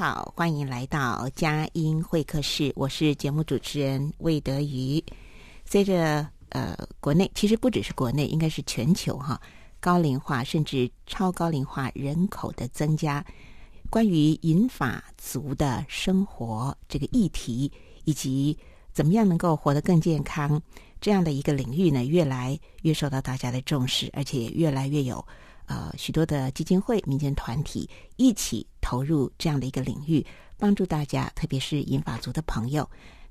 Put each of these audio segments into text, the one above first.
好，歡迎來到嘉音會客室。我是節目主持人魏德瑜。隨着呃，國內其實不只是國內，應該是全球哈，高齡化甚至超高齡化人口的增加，關於銀髮族的生活這個議題，以及怎麼樣能夠活得更健康這樣的一個領域呢，越來越受到大家的重視，而且越來越有。呃，許多的基金會、民間團體一起投入這樣的一個領域，幫助大家，特別是銀髮族的朋友，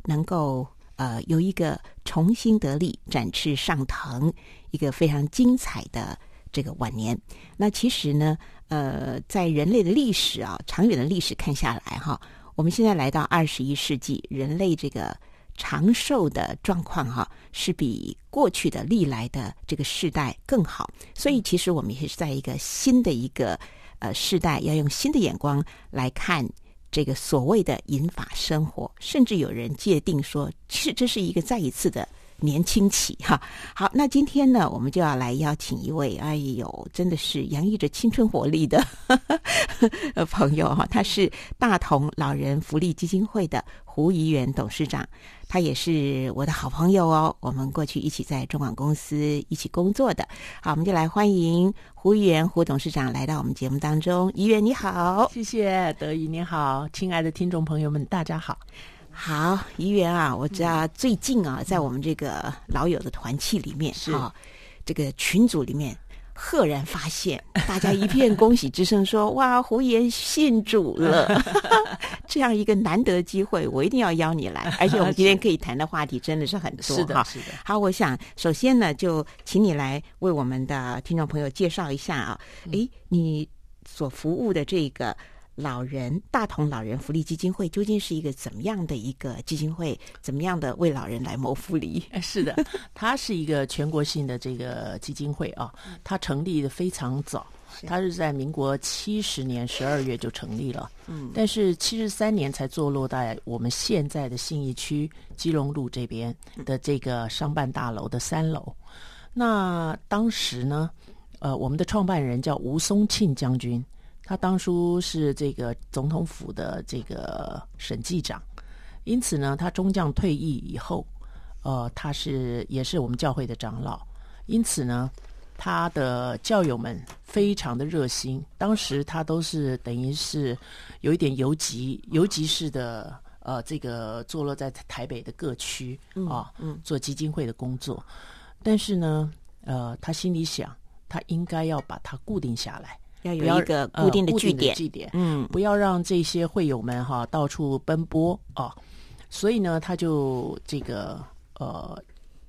能夠呃有一個重新得力、展翅上騰、一個非常精彩的這個晚年。那其實呢，呃，在人類的歷史啊，長遠的歷史看下來哈，我們現在來到二十一世紀，人類這個。長壽的狀況哈、啊，是比過去的歷來的這個世代更好，所以其實我們也是在一個新的一個呃世代，要用新的眼光來看這個所謂的銀髮生活，甚至有人界定說，其實這是一個再一次的。年輕起哈，好，那今天呢，我們就要來邀請一位，哎呦，真的是洋溢着青春活力的呵呵朋友哈，他是大同老人福利基金會的胡貽圓董事長，他也是我的好朋友哦，我們過去一起在中廣公司一起工作的，好，我們就來歡迎胡貽圓胡董事長來到我們節目當中，貽圓你好，謝謝德瑜。你好，親愛的聽眾朋友們，大家好。好，貽圓啊，我知道最近啊、嗯，在我們這個老友的團契裡面啊、哦，這個群組裡面，赫然發現大家一片恭喜之聲說，說 哇，胡言信主了， 這樣一個難得的機會，我一定要邀你來，而且我們今天可以談的話題真的是很多， 是的，是的、哦。好，我想首先呢，就請你來為我們的聽眾朋友介紹一下啊，哎，你所服務的這個。老人大同老人福利基金會究竟是一個怎麼樣的一個基金會？怎麼樣的為老人來謀福利？是的， 它是一個全國性的這個基金會啊。它成立的非常早，是啊、它是在民國七十年十二月就成立了。嗯，但是七十三年才坐落在我們現在的信義區基隆路這邊的這個商辦大樓的三樓。那當時呢，呃，我們的創辦人叫吳嵩慶將軍。他當初是這個總統府的這個審計長，因此呢，他中將退役以後，呃，他是也是我們教會的長老，因此呢，他的教友們非常的熱心。當時他都是等於是有一點游擊、游擊式的，呃，這個坐落在台北的各區啊，呃，做基金會的工作，但是呢，呃，他心裡想，他應該要把它固定下來。要有一個，固定，有一個、呃、固定的據點，嗯，不要讓這些會友們哈、啊、到處奔波啊。所以呢，他就這個呃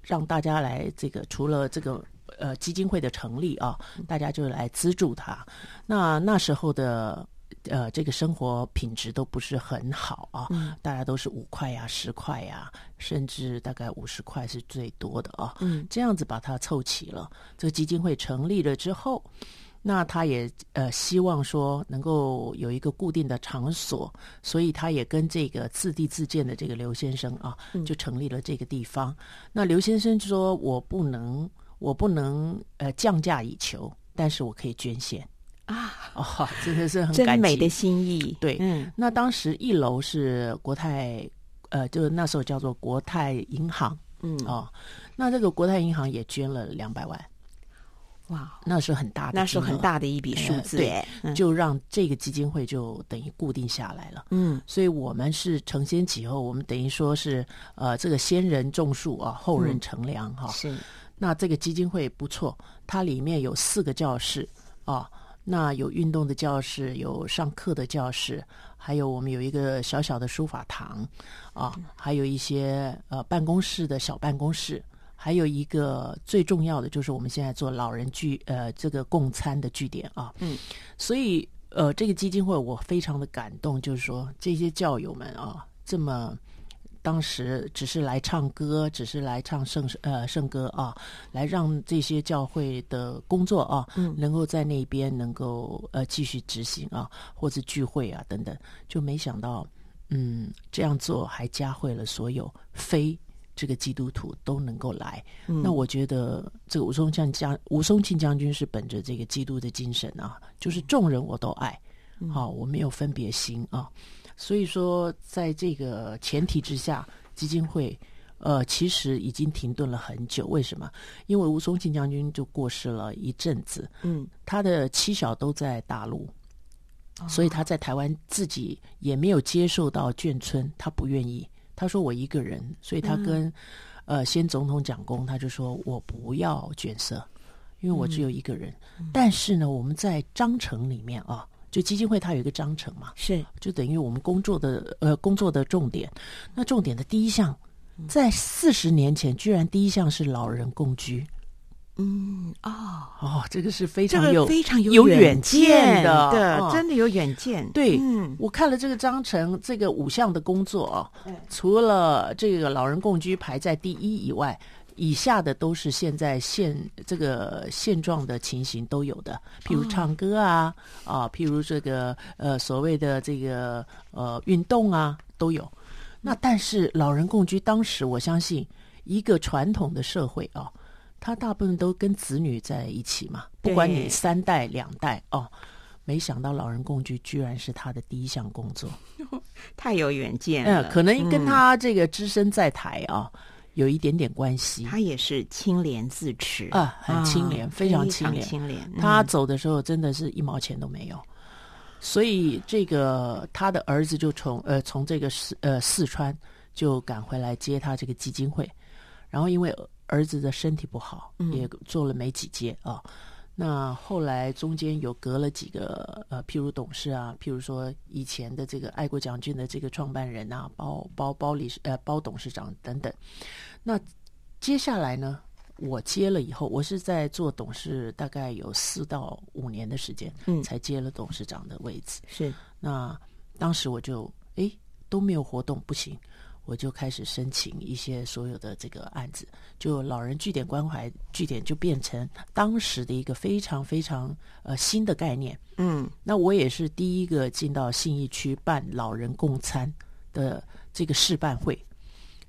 讓大家來這個除了這個呃基金會的成立啊，大家就來資助他。嗯、那那時候的呃這個生活品質都不是很好啊，嗯、大家都是五塊呀、啊、十塊呀、啊，甚至大概五十塊是最多的啊。嗯，這樣子把它湊齊了，這個基金會成立了之後，那他也呃希望說能夠有一個固定的場所，所以他也跟這個自地自建的這個劉先生啊，就成立了這個地方。嗯、那劉先生說：“我不能，我不能呃降價以求，但是我可以捐獻啊。”哦，真的是很真美的心意。對、嗯，那當時一樓是國泰，呃，就是那時候叫做國泰銀行。哦、嗯，哦，那這個國泰銀行也捐了兩百萬。哇、wow，那是很大的，那是很大的一筆數字。嗯嗯、對、嗯，就讓這個基金會就等於固定下來了。嗯，所以我們是承先啟後，我們等於說是呃，這個先人種樹啊，後人乘涼哈。是，那這個基金會不錯，它裡面有四個教室啊，那有運動的教室，有上課的教室，還有我們有一個小小的書法堂啊，還有一些呃辦公室的小辦公室。還有一個最重要的就是我們現在做老人聚呃，這個共餐的據點啊，嗯，所以呃這個基金會我非常的感動，就是說這些教友們啊，這麼當時只是來唱歌，只是來唱聖呃聖歌啊，來讓這些教會的工作啊，嗯，能夠在那邊能夠呃繼續執行啊，或者聚會啊等等，就沒想到嗯這樣做還加惠了所有非。這個基督徒都能夠來，嗯、那我覺得這個吳嵩將將吳嵩慶將軍是本着這個基督的精神啊，就是眾人我都愛，好、嗯啊、我沒有分別心啊，所以說在這個前提之下，基金會呃其實已經停頓了很久。為什麼？因為吳嵩慶將軍就過世了一陣子，嗯，他的妻小都在大陸，哦、所以他在台灣自己也沒有接受到眷村，他不願意。他說我一個人，所以他跟，嗯、呃，先總統蔣公，他就說我不要眷舍，因為我只有一個人，嗯。但是呢，我們在章程裡面啊，就基金會它有一個章程嘛，是就等於我們工作的呃工作的重點。那重點的第一項，在四十年前，居然第一項是老人共居。嗯，哦，哦，這個是非常有、這個、非常有遠見，有遠見的對、哦，真的有遠見。嗯、對，嗯，我看了這個章程，這個五項的工作哦、啊嗯，除了這個老人共居排在第一以外，以下的都是現在現這個現狀的情形都有的，譬如唱歌啊，哦、啊，譬如這個呃所謂的這個呃運動啊，都有、嗯。那但是老人共居，當時我相信一個傳統的社會啊。他大部分都跟子女在一起嘛，不管你三代兩代哦。沒想到老人共居居然是他的第一項工作，太有遠見了。哎、可能跟他這個只身在台啊、嗯哦、有一點點關係。他也是清廉自持啊，很清廉、哦、非常清廉、清廉。他走的時候真的是一毛錢都沒有，嗯、所以這個他的兒子就從呃從這個四呃四川就趕回來接他這個基金會，然後因為。兒子的身體不好，也做了沒幾屆啊、嗯哦。那後來中間有隔了幾個呃，譬如董事啊，譬如說以前的這個愛國獎券的這個創辦人啊，包包包裡呃包董事長等等。那接下來呢，我接了以後，我是在做董事，大概有四到五年的時間，嗯，才接了董事長的位置。是，那當時我就哎都沒有活動，不行。我就開始申請一些所有的這個案子，就老人據點關懷據點就變成當時的一個非常非常呃新的概念，嗯，那我也是第一個進到信義區辦老人共餐的這個試辦會，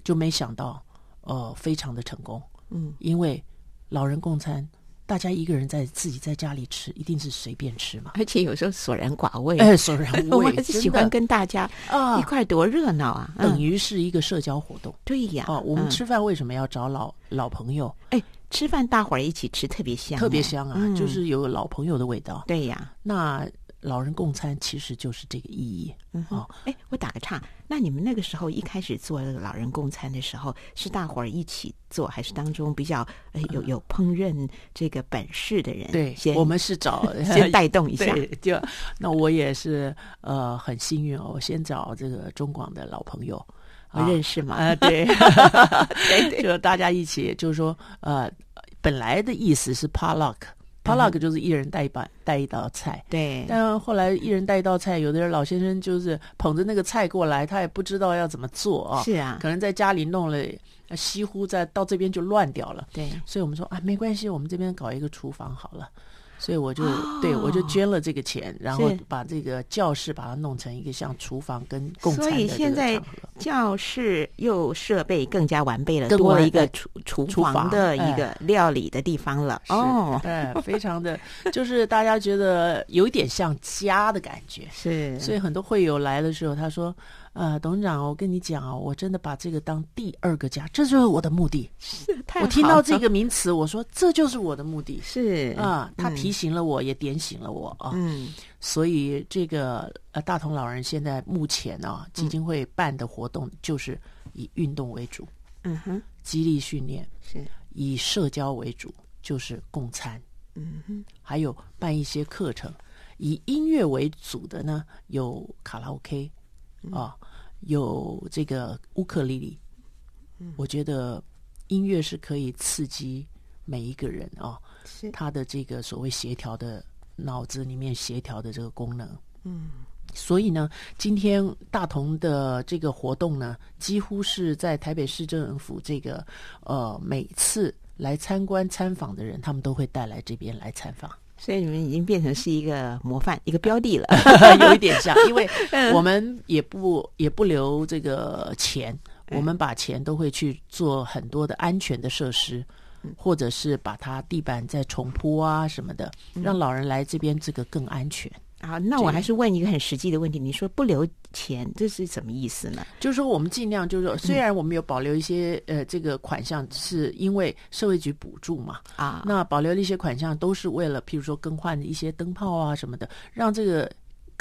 就沒想到呃非常的成功，嗯，因為老人共餐。大家一個人在自己在家裡吃，一定是隨便吃嘛，而且有時候索然寡味。哎，索然無味， 我還是喜歡跟大家啊一塊多熱鬧啊， 啊，等於是一個社交活動。對呀，哦、啊嗯，我們吃飯為什麼要找老老朋友？哎，吃飯大夥兒一起吃特別香，啊，特別香啊，嗯，就是有老朋友的味道。對呀，那。老人共餐其實就是這個意義哦，哎、嗯啊欸，我打個岔，那你們那個時候一開始做老人共餐的時候，是大夥兒一起做，還是當中比較、呃呃、有有烹飪這個本事的人？對，先我們是找 先帶動一下。對，就那我也是呃很幸運哦，我先找這個中廣的老朋友，啊、認識嘛啊對 對對。對，就大家一起，就是說呃，本來的意思是 potluck potluck 就是一人帶一把帶一道菜，對。但後來一人帶一道菜，有的人老先生就是捧着那個菜過來，他也不知道要怎麼做啊、哦，是啊，可能在家裡弄了西湖在到這邊就亂掉了。對，所以我們說啊，沒關係，我們這邊搞一個廚房好了。所以我就、哦、對，我就捐了這個錢、哦，然後把這個教室把它弄成一個像廚房跟共產的這個場合。所以現在教室又設備更加完備了，多了一個廚廚房的一個料理的地方了。哎、哦，對、哎，非常的， 就是大家覺得有點像家的感覺。是，所以很多會友來的時候，他說，呃、啊，董事長，我跟你講啊，我真的把這個當第二個家，這就是我的目的。是，太我聽到這個名詞，我說這就是我的目的。是啊、嗯，他提醒了我，也點醒了我啊。嗯，所以這個呃大同老人現在目前呢、啊，基金會辦的活動就是以運動為主，嗯哼，激勵訓練是，以社交為主，就是共餐，嗯哼，還有辦一些課程，以音樂為主的呢，有卡拉 OK。啊、嗯哦，有這個烏克麗麗、嗯，我覺得音樂是可以刺激每一個人啊、哦，他的這個所謂協調的腦子裡面協調的這個功能。嗯，所以呢，今天大同的這個活動呢，幾乎是在台北市政府這個呃，每次來參觀參訪的人，他們都會帶來這邊來參訪。所以你們已經變成是一個模範、一個標的了， 有一點像，因為我們也不、 嗯、也不留這個錢，我們把錢都會去做很多的安全的設施、嗯，或者是把它地板再重鋪啊什麼的，讓老人來這邊這個更安全。啊，那我還是問一個很實際的問題，你說不留錢，這是什麼意思呢？就是說我們盡量就，就是說雖然我們有保留一些、嗯、呃這個款項，是因為社會局補助嘛啊，那保留的一些款項都是為了，譬如說更換一些燈泡啊什麼的，讓這個。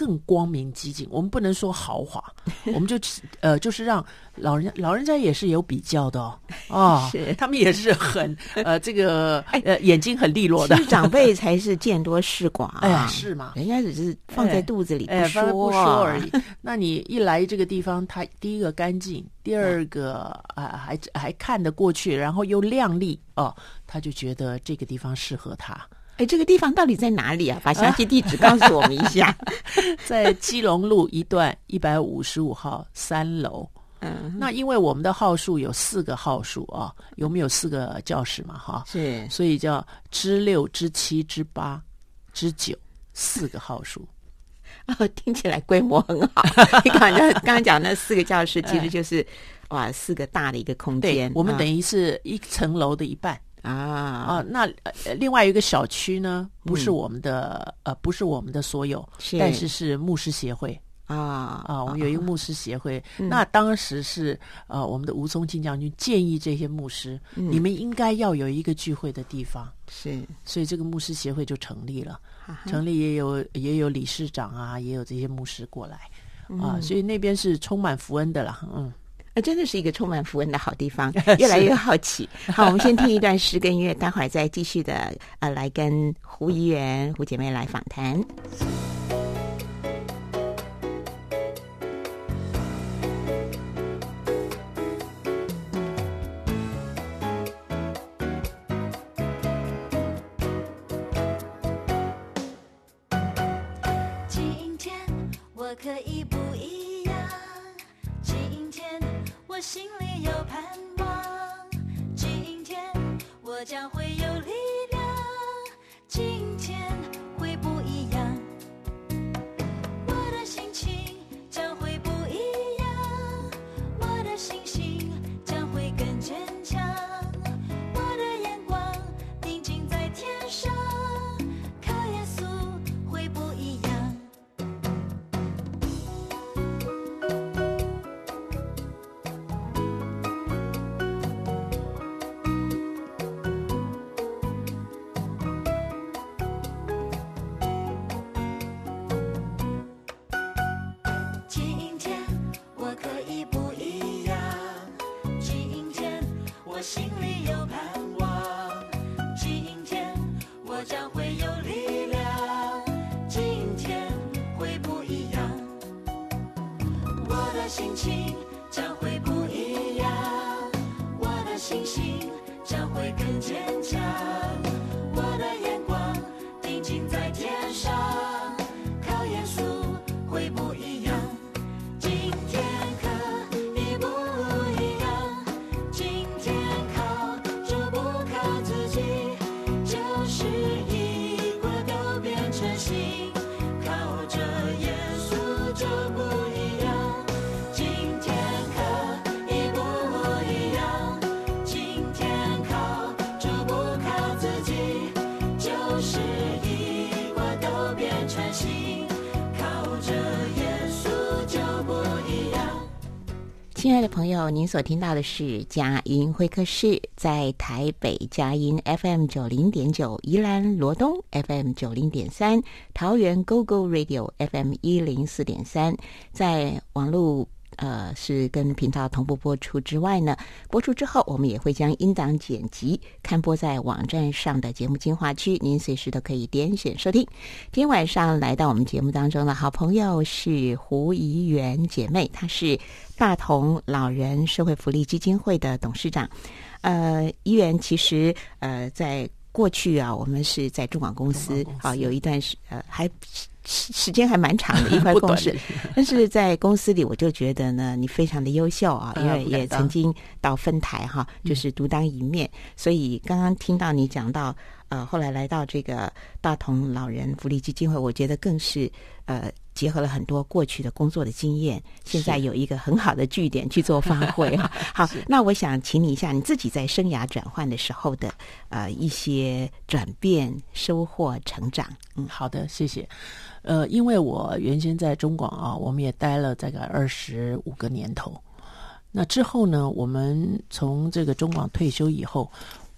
更光明、激進，我們不能說豪華，我們就呃，就是讓老人家、老人家也是有比較的哦，哦是他們也是很呃，這個呃、哎、眼睛很利落的，長輩才是見多識廣，啊、哎，是嘛？人家只是放在肚子裡不說而已、哎不說而已哎不說啊。那你一來這個地方，他第一個乾淨，第二個、嗯、啊還還看得過去，然後又亮麗哦，他就覺得這個地方適合他。哎，這個地方到底在哪裡啊？把詳細地址告訴我們一下。 在基隆路一段一百五十五號三樓。嗯，那因為我們的號數有四個號數啊、哦，有沒有四個教室嘛，哈、哦，是，所以叫之六、之七、之八、之九，四個號數。啊、 哦，聽起來規模很好。你看 剛剛講那四個教室，其實就是、哎、哇，四個大的一個空間、哦。我們等於是一層樓的一半。啊啊，那另外一個小區呢，不是我們的，嗯、呃，不是我們的所有，是但是是牧師協會啊啊，我們有一個牧師協會。啊嗯、那當時是呃，我們的吳嵩慶將軍建議這些牧師、嗯，你們應該要有一個聚會的地方，是，所以這個牧師協會就成立了，啊、成立也有也有理事長啊，也有這些牧師過來、嗯、啊，所以那邊是充滿福恩的了，嗯。那、啊、真的是一個充滿福恩的好地方，越來越好奇。好，我們先聽一段詩跟樂， 待會兒再繼續的呃，來跟胡貽圓、胡姐妹來訪談。 今天我可以不。心裡有盼望，今天我將會。親愛的朋友，您所聽到的是佳音會客室，在台北佳音 FM 九零點九，宜蘭羅東 FM 九零點三，桃園 GO GO Radio FM 一零四點三，在網路。呃，是跟頻道同步播出之外呢，播出之後我們也會將音檔剪輯刊播在網站上的節目精華區，您隨時都可以點選收聽。今天晚上來到我們節目當中的好朋友是胡貽圓姐妹，她是大同老人社會福利基金會的董事長。呃，貽圓其實呃，在過去啊，我們是在中廣公司啊，有一段時呃還。時間還蠻長的一塊共事， 但是在公司裡，我就覺得呢，你非常的優秀啊， 因為也曾經到分台哈、啊，就是獨當一面，嗯。所以剛剛聽到你講到，呃，後來來到這個大同老人福利基金會，我覺得更是呃，結合了很多過去的工作的經驗，現在有一個很好的據點去做發揮哈、啊。好， 那我想請你一下，你自己在生涯轉換的時候的呃一些轉變、收穫、成長。嗯，好的，謝謝。呃，因為我原先在中廣啊，我們也待了大概二十五個年頭。那之後呢，我們從這個中廣退休以後，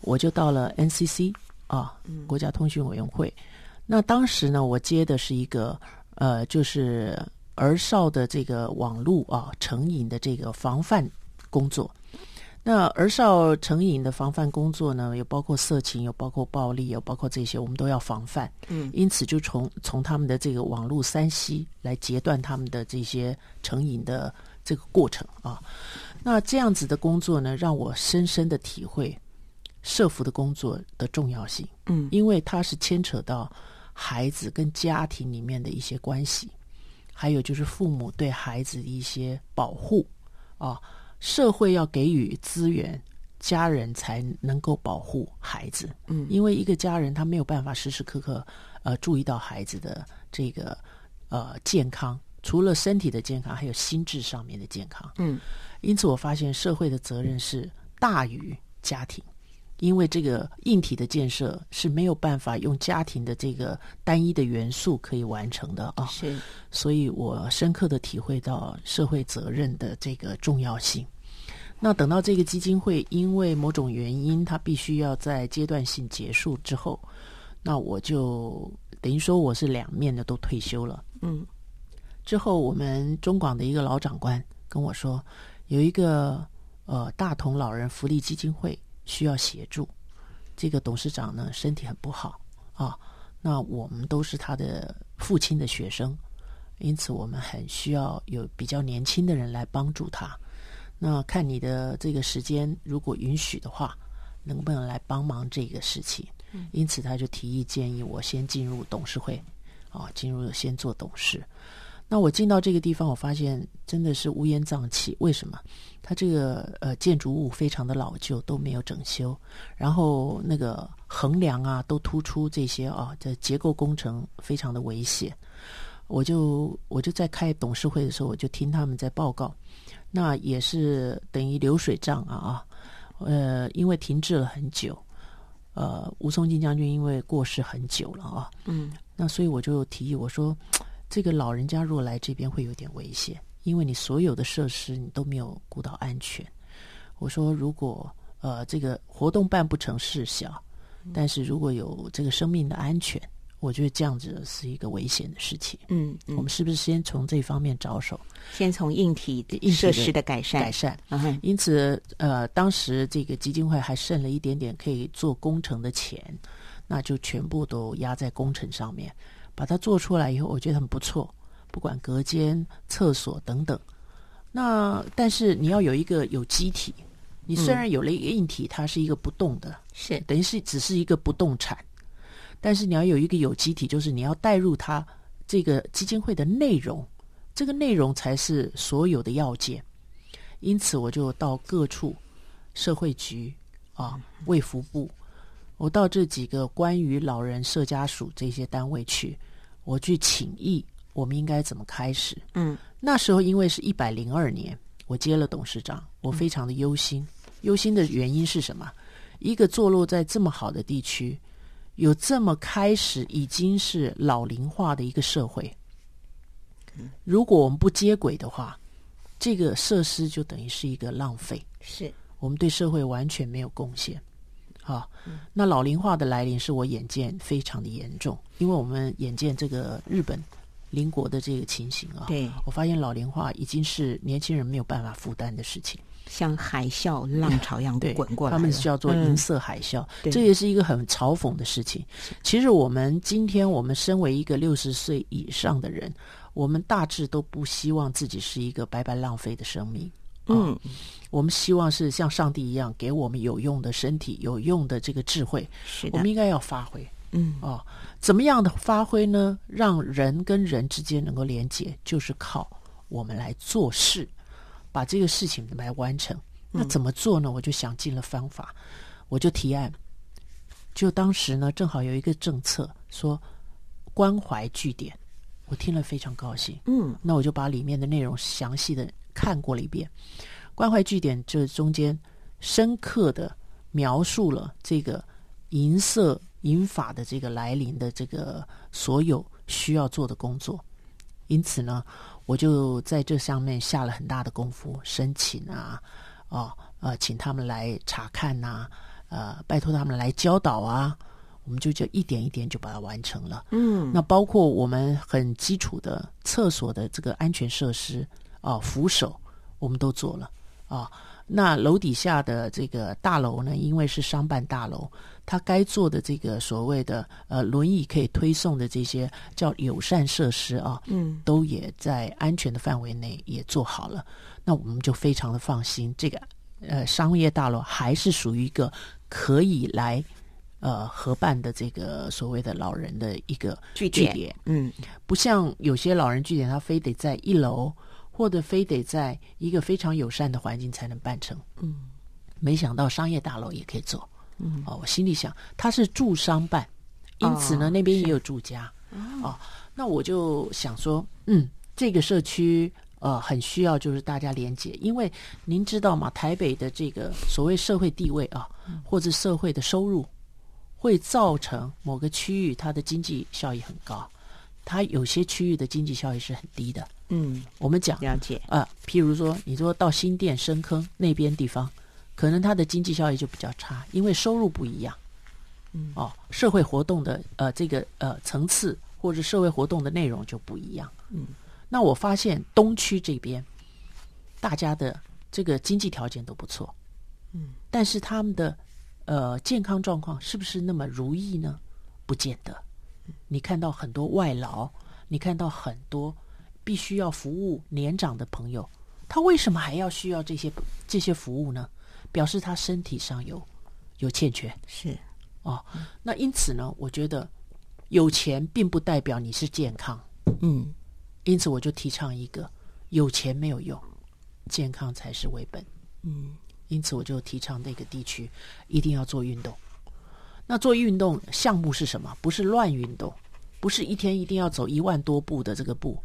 我就到了 NCC 啊，國家通訊委員會。嗯，那當時呢，我接的是一個呃，就是兒少的這個網路啊成癮的這個防範工作。那兒少成癮的防範工作呢，有包括色情，有包括暴力，有包括這些，我們都要防範。嗯，因此就從從他們的這個網路三 C 來截斷他們的這些成癮的這個過程啊。那這樣子的工作呢，讓我深深的體會社服的工作的重要性。嗯，因為它是牽扯到孩子跟家庭裡面的一些關係，還有就是父母對孩子一些保護啊。社會要給予資源，家人才能夠保護孩子。嗯，因為一個家人他沒有辦法時時刻刻，呃，注意到孩子的這個呃健康，除了身體的健康，還有心智上面的健康。嗯，因此我發現社會的責任是大於家庭。因為這個硬體的建設是沒有辦法用家庭的這個單一的元素可以完成的啊、哦，所以我深刻的體會到社會責任的這個重要性。那等到這個基金會因為某種原因，它必須要在階段性結束之後，那我就等於說我是兩面的都退休了。嗯，之後我們中廣的一個老長官跟我說，有一個呃大同老人福利基金會。需要協助，這個董事長呢身體很不好啊。那我們都是他的父親的學生，因此我們很需要有比較年輕的人來幫助他。那看你的這個時間，如果允許的話，能不能來幫忙這個事情？因此他就提議建議我先進入董事會啊，進入先做董事。那我進到這個地方，我發現真的是烏煙瘴氣。為什麼？他這個呃建築物非常的老舊，都沒有整修，然後那個橫梁啊都突出，這些啊，這結構工程非常的危險。我就我就在開董事會的時候，我就聽他們在報告，那也是等於流水賬啊啊，呃，因為停滯了很久。呃，吳嵩慶將軍因為過世很久了啊，嗯，那所以我就提議我說。這個老人家若來這邊會有點危險，因為你所有的設施你都沒有顧到安全。我說，如果呃這個活動辦不成事小，嗯，但是如果有這個生命的安全，我覺得這樣子是一個危險的事情。嗯，嗯我們是不是先從這方面着手？先從硬體設施的改善的改善，嗯。因此，呃，當時這個基金會還剩了一點點可以做工程的錢，那就全部都壓在工程上面。把它做出來以後，我覺得很不錯，不管隔間、廁所等等。那但是你要有一個有機體，你雖然有了一個硬體，它是一個不動的，嗯、是，等於是只是一個不動產。但是你要有一個有機體，就是你要帶入它這個基金會的內容，這個內容才是所有的要件。因此，我就到各處社會局啊、衛福部。我到這幾個關於老人社家屬這些單位去，我去請益，我們應該怎麼開始？嗯，那時候因為是一百零二年，我接了董事長，我非常的憂心。嗯。憂心的原因是什麼？一個坐落在這麼好的地區，有這麼開始已經是老齡化的一個社會，如果我們不接軌的話，這個設施就等於是一個浪費，是我們對社會完全沒有貢獻。好、哦，那老齡化的來臨是我眼見非常的嚴重，因為我們眼見這個日本鄰國的這個情形啊，對，我發現老齡化已經是年輕人沒有辦法負擔的事情，像海嘯浪潮一樣滾滾過來，嗯，他們叫做銀色海嘯，嗯，這也是一個很嘲諷的事情。其實我們今天我們身為一個六十歲以上的人，我們大致都不希望自己是一個白白浪費的生命。哦、嗯，我們希望是像上帝一樣給我們有用的身體、有用的這個智慧，是我們應該要發揮。嗯，哦，怎麼樣的發揮呢？讓人跟人之間能夠連接，就是靠我們來做事，把這個事情來完成、嗯。那怎麼做呢？我就想盡了方法，我就提案。就當時呢，正好有一個政策說關懷據點，我聽了非常高興。嗯，那我就把裡面的內容詳細的。看過了一遍。《關懷據點》這中間深刻的描述了這個銀色銀法的這個來臨的這個所有需要做的工作。因此呢，我就在這上面下了很大的功夫，申請啊，啊，哦呃，請他們來查看吶，啊、呃，拜托他們來教導啊，我們就就一點一點就把它完成了。嗯，那包括我們很基礎的廁所的這個安全設施。啊、哦，扶手我們都做了啊、哦。那樓底下的這個大樓呢，因為是商辦大樓，它該做的這個所謂的呃輪椅可以推送的這些叫友善設施啊，嗯、哦，都也在安全的範圍內也做好了。嗯、那我們就非常的放心，這個呃商業大樓還是屬於一個可以來呃合辦的這個所謂的老人的一個據點，據點，嗯，不像有些老人據點，他非得在一樓。或者非得在一個非常友善的環境才能辦成。嗯，沒想到商業大樓也可以做。嗯，哦，我心裡想，它是住商辦，因此呢，哦，那邊也有住家哦。哦，那我就想說，嗯，這個社區呃很需要就是大家連接，因為您知道嘛，台北的這個所謂社會地位啊，或者社會的收入，會造成某個區域它的經濟效益很高，它有些區域的經濟效益是很低的。嗯，我們講了解啊，譬如說，你說到新店深坑那邊地方，可能它的經濟效益就比較差，因為收入不一樣，嗯，哦，社會活動的呃這個呃層次或者社會活動的內容就不一樣，嗯，那我發現東區這邊，大家的這個經濟條件都不錯，嗯，但是他們的呃健康狀況是不是那麼如意呢？不見得，嗯，你看到很多外勞，你看到很多。必須要服務年長的朋友，他為什麼還要需要這些這些服務呢？表示他身體上有有欠缺。是哦、嗯，那因此呢，我覺得有錢並不代表你是健康。嗯，因此我就提倡一個有錢沒有用，健康才是為本。嗯，因此我就提倡那個地區一定要做運動。那做運動項目是什麼？不是亂運動，不是一天一定要走一萬多步的這個步。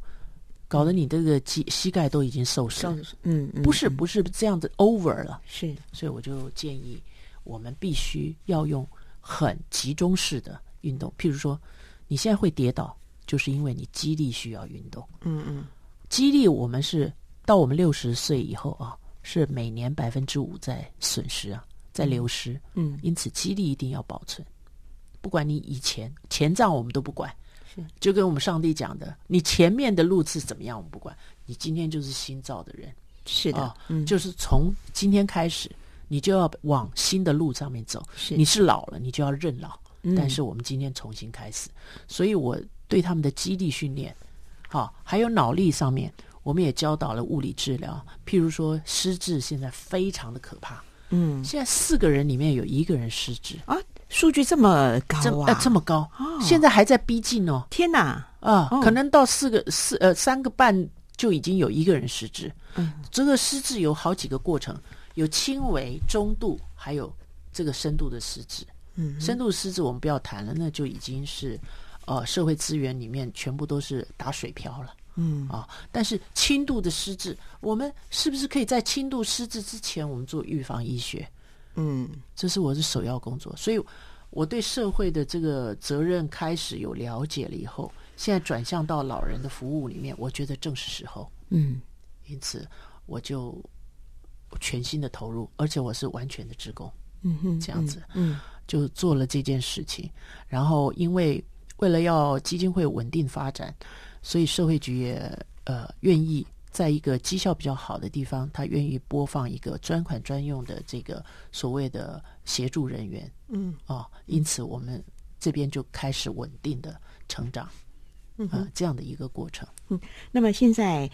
搞得你這個膝膝蓋都已經受傷，嗯，嗯，不是不是這樣子 over 了，是，所以我就建議我們必須要用很集中式的運動，譬如說，你現在會跌倒，就是因為你肌力需要運動，嗯嗯，肌力我們是到我們六十歲以後啊，是每年百分之五在損失啊，在流失，嗯，嗯，因此肌力一定要保存，不管你以前前賬我們都不管。就跟我們上帝講的，你前面的路是怎麼樣，我們不管你今天就是新造的人，是的、哦嗯，就是從今天開始，你就要往新的路上面走。是你是老了，你就要認老、嗯，但是我們今天重新開始。所以我對他們的肌力訓練，好、哦，還有腦力上面，我們也教導了物理治療，譬如說失智，現在非常的可怕，嗯，現在四個人裡面有一個人失智啊。數據這麼高啊，呃、這麼高、哦，現在還在逼近哦。天哪、啊，啊、哦，可能到四個四呃三個半就已經有一個人失智。嗯，這個失智有好幾個過程，有輕微、中度，還有這個深度的失智。嗯，深度失智我們不要談了，那就已經是呃社會資源裡面全部都是打水漂了。嗯啊，但是輕度的失智，我們是不是可以在輕度失智之前，我們做預防醫學？嗯，這是我的首要工作，所以我對社會的這個責任開始有了解了以後，現在轉向到老人的服務裡面，我覺得正是時候。嗯，因此我就全心的投入，而且我是完全的職工。嗯哼，這樣子，嗯，就做了這件事情。然後，因為為了要基金會穩定發展，所以社會局也呃願意。在一個績效比較好的地方，他願意播放一個專款專用的這個所謂的協助人員，嗯哦，因此我們這邊就開始穩定的成長，嗯，啊，這樣的一個過程。嗯，那麼現在，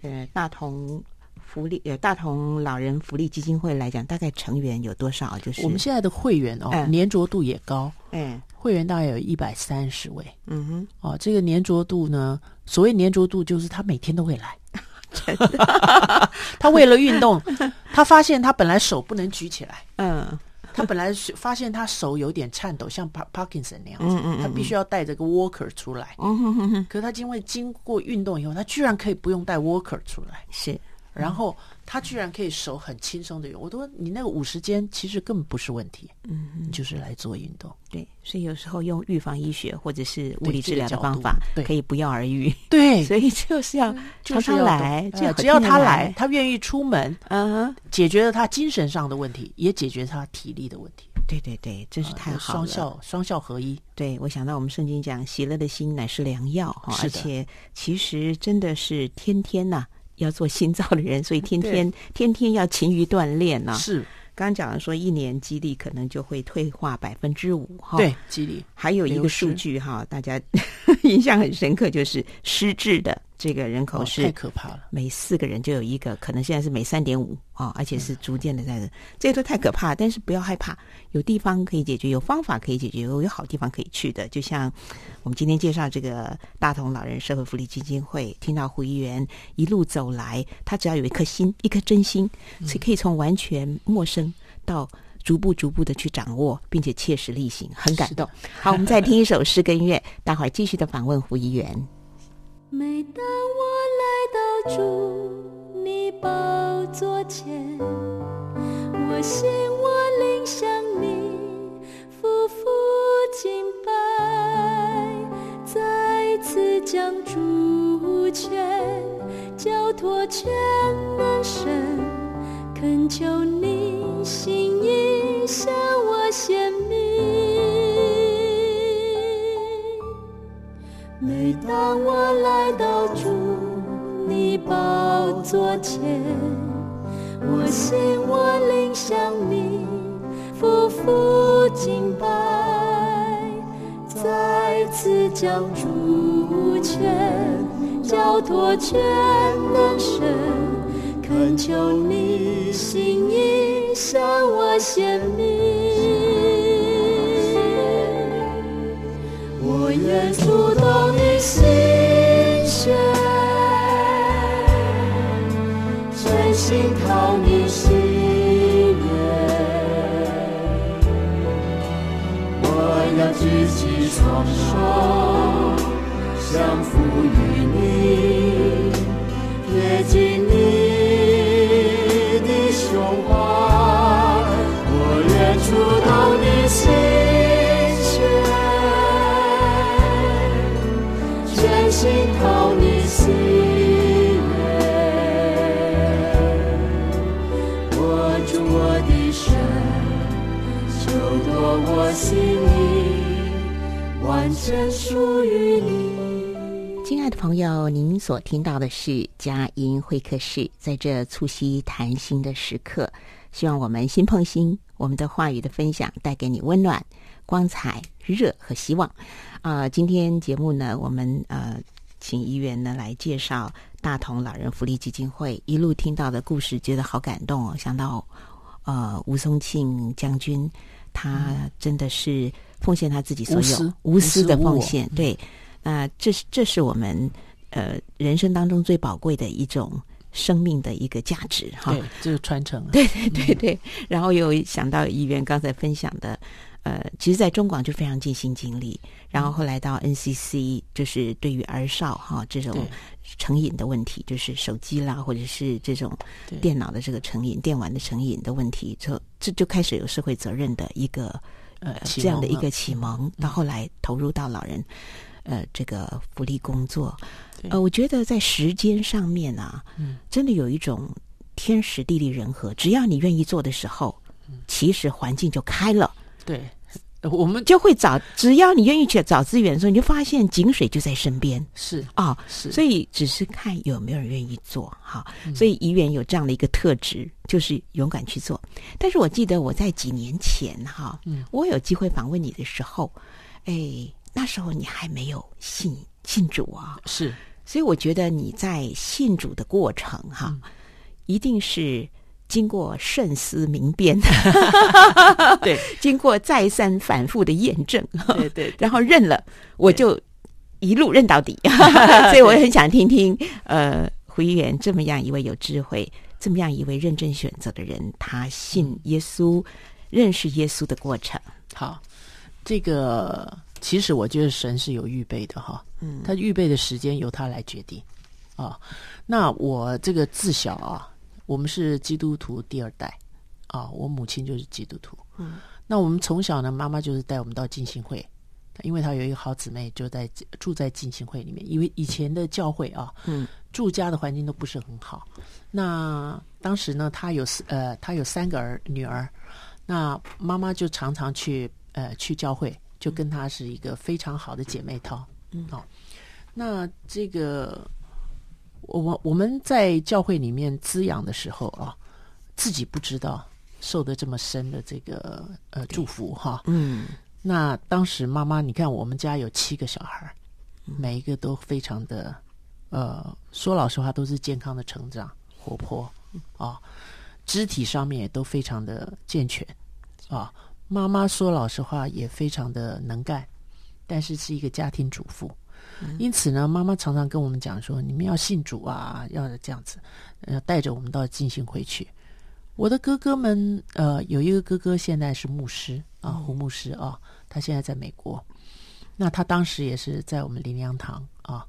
呃，大同福利呃大同老人福利基金會來講，大概成員有多少？就是我們現在的會員哦，粘着度也高，嗯，嗯，會員大概有一百三十位，嗯哼，哦，這個粘着度呢，所謂粘着度就是他每天都會來。 他為了運動， 他發現他本來手不能舉起來，嗯， 他本來發現他手有點顫抖，像帕帕金森那樣子，嗯嗯嗯，他必須要帶着個 walker 出來，嗯 可是他因為經過運動以後，他居然可以不用帶 walker 出來，是，然後。嗯他居然可以手很輕鬆的用，我都問你那個五十肩，其實根本不是問題，嗯，就是來做運動。對，所以有時候用預防醫學或者是物理治療的方法，對，可以不藥而癒。對， 所以就是要、嗯就是、要常常來，只來、嗯，只要他來，他願意出門，嗯，解決了他精神上的問題，也解決他體力的問題。對對對，真是太好了，呃就是、雙效雙效合一。對我想到我們聖經講，喜樂的心乃是良藥，而且其實真的是天天吶、啊。要做新造的人，所以天天天天要勤於鍛鍊呢、啊。是，剛剛講了說，一年肌力可能就會退化百分之五哈。對，肌力。還有一個數據哈、啊，大家呵呵印象很深刻，就是失智的。這個人口是太可怕了，每四個人就有一個，哦、可,可能現在是每三點五啊，而且是逐漸的在這、嗯。這都太可怕。但是不要害怕，有地方可以解決，有方法可以解決，有有好地方可以去的。就像我們今天介紹這個大同老人社會福利基金會，聽到胡貽圓一路走來，他只要有一顆心，一顆真心，是、嗯、以可以從完全陌生到逐步逐步的去掌握，並且切實力行，很感動。好， 我們再聽一首詩歌音樂，待會兒繼續的訪問胡貽圓。每當我來到主你寶座前，我心我靈向你俯伏敬拜，再次將主權交托全能神，懇求你心意向我顯明。每當我來到主你寶座前，我心我靈向你俯伏敬拜，再次將主權交托全能神，懇求你心意向我顯明。雙手相扶與你，貼近你的胸懷，我願觸動你心弦，全心討你喜悅。握住我的手，求奪我心願。屬於你。親愛的朋友，您所聽到的是佳音會客室。在這促膝談心的時刻，希望我們心碰心，我們的話語的分享帶給你溫暖、光彩、熱和希望。啊、呃，今天節目呢，我們呃請貽圓呢來介紹大同老人福利基金會一路聽到的故事，覺得好感動哦。想到呃吳嵩慶將軍，他真的是、嗯。奉獻他自己所有無私，無私的奉獻，對，那、呃、這是這是我們呃人生當中最寶貴的一種生命的一個價值哈。對，就是傳承。對對對對、嗯，然後又想到議員剛才分享的，呃，其實，在中廣就非常盡心盡力，然後後來到 NCC，就是對於兒少哈這種成癮的問題，就是手機啦，或者是這種電腦的這個成癮、電玩的成癮的問題，就這就開始有社會責任的一個。呃，這樣的一個啟蒙，嗯，到後來投入到老人，呃，這個福利工作，呃，我覺得在時間上面啊，嗯，真的有一種天時地利人和，只要你願意做的時候，嗯，其實環境就開了，對。我們就會找，只要你願意去找資源的時候，你就發現井水就在身邊。是啊、哦，是，所以只是看有沒有人願意做哈、嗯。所以貽圓有這樣的一個特質，就是勇敢去做。但是我記得我在幾年前哈、嗯，我有機會訪問你的時候，哎，那時候你還沒有信信主啊、哦。是，所以我覺得你在信主的過程哈、嗯，一定是。經過慎思明辨，對， 經過再三反覆的驗證， 對對，對，然後認了，我就一路認到底。 所以我也很想聽聽，呃，胡貽圓這麼樣一位有智慧、這麼樣一位認真選擇的人，他信耶穌、嗯、認識耶穌的過程。好，這個其實我覺得神是有預備的哈，嗯，他預備的時間由他來決定啊、哦。那我這個自小啊。我們是基督徒第二代，啊，我母親就是基督徒。嗯，那我們從小呢，媽媽就是帶我們到浸信會，因為她有一個好姊妹就在住在浸信會裡面，因為以前的教會啊，嗯，住家的環境都不是很好。那當時呢，她有四呃，她有三個兒女兒，那媽媽就常常去呃去教會，就跟她是一個非常好的姐妹淘。嗯，好、嗯啊，那這個。我我我們在教會裡面滋養的時候啊，自己不知道受的這麼深的這個呃祝福哈。嗯，那當時媽媽，你看我們家有七個小孩，每一個都非常的呃，說老實話都是健康的成長，活潑啊，肢體上面也都非常的健全啊。媽媽說老實話也非常的能幹，但是是一個家庭主婦。因此呢，媽媽常常跟我們講說：“你們要信主啊，要這樣子，要、呃、帶着我們到進行回去。”我的哥哥們，呃，有一個哥哥現在是牧師啊，胡牧師啊，他現在在美國。那他當時也是在我們靈糧堂啊，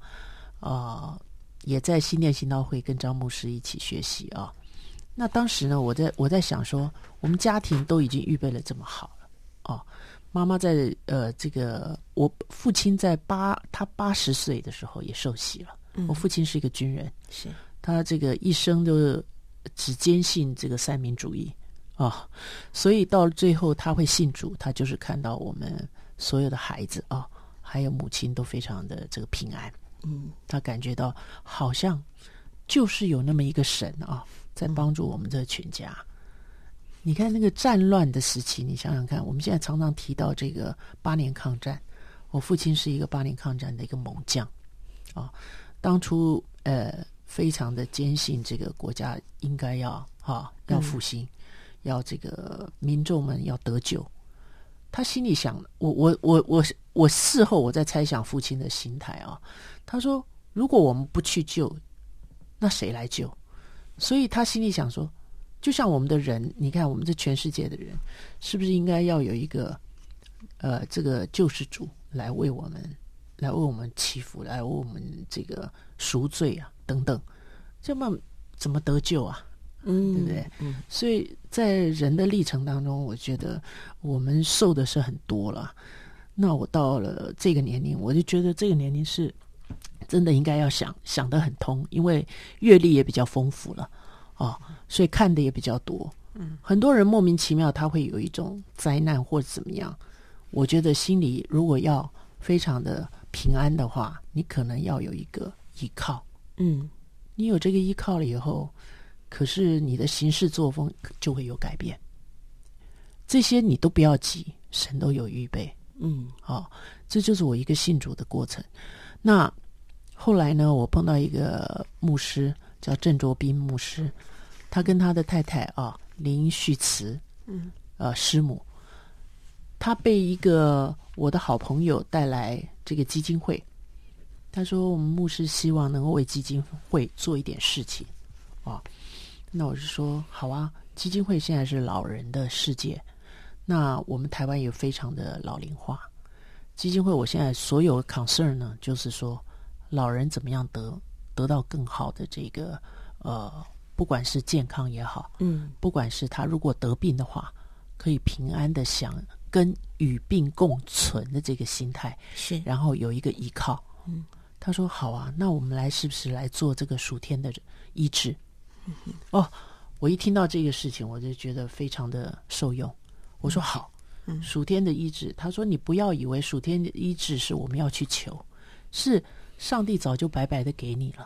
啊，也在新店行道會跟張牧師一起學習啊。那當時呢，我在我在想說，我們家庭都已經預備了這麼好了哦。啊。媽媽在呃，這個我父親在八他八十歲的時候也受洗了、嗯。我父親是一個軍人，是他這個一生就只堅信這個三民主義啊、哦，所以到最後他會信主，他就是看到我們所有的孩子啊、哦，還有母親都非常的這個平安，嗯，他感覺到好像就是有那麼一個神啊、哦，在幫助我們這個全家。你看那個戰亂的時期，你想想看，我們現在常常提到這個八年抗戰，我父親是一個八年抗戰的一個猛將，啊，當初呃，非常的堅信這個國家應該要哈、啊、要復興、嗯，要這個民眾們要得救。他心裡想，我我我我我事後我在猜想父親的心態啊，他說，如果我們不去救，那誰來救？所以他心裡想說。就像我們的人，你看我們這全世界的人，是不是應該要有一個呃，這個救世主來為我們來為我們祈福，來為我們這個贖罪啊，等等，這麼怎麼得救啊？嗯，對不對？嗯。所以在人的歷程當中，我覺得我們受的是很多了。那我到了這個年齡，我就覺得這個年齡是真的應該要想想得很通，因為閱歷也比較豐富了。哦，所以看的也比較多。嗯，很多人莫名其妙他會有一種災難或者怎麼樣。我覺得心裡如果要非常的平安的話，你可能要有一個依靠。嗯，你有這個依靠了以後，可是你的行事作風就會有改變。這些你都不要急，神都有預備。嗯，哦，這就是我一個信主的過程。那後來呢，我碰到一個牧師。叫鄭卓斌牧師，他跟他的太太啊，林旭慈，嗯、呃，呃師母，他被一個我的好朋友帶來這個基金會。他說，我們牧師希望能夠為基金會做一點事情啊，那我是說好啊，基金會現在是老人的世界，那我們台灣也非常的老齡化，基金會我現在所有 concern 呢，就是說老人怎麼樣得。得到更好的這個，呃，不管是健康也好，嗯，不管是他如果得病的話，可以平安的想跟與病共存的這個心態是，然後有一個依靠。嗯，他說好啊，那我們來是不是來做這個屬天的醫治？嗯哼。哦，我一聽到這個事情，我就覺得非常的受用。我說好，嗯，屬天的醫治。他說你不要以為屬天的醫治是我們要去求，是。上帝早就白白的給你了，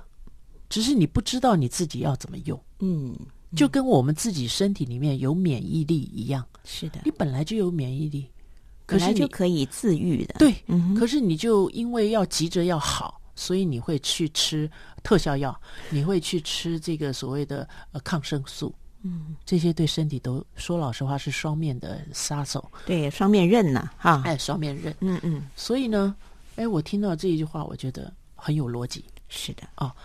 只是你不知道你自己要怎麼用。嗯，就跟我們自己身體裡面有免疫力一樣，是的，你本來就有免疫力，可是你本來就可以自癒的。對、嗯，可是你就因為要急着要好，所以你會去吃特效藥，你會去吃這個所謂的、呃、抗生素。嗯，這些對身體都說老實話是雙面的殺手，對，雙面刃吶，哈，哎，雙面刃，嗯嗯。所以呢，哎，我聽到這一句話，我覺得。很有邏輯，是的啊。呃、哦，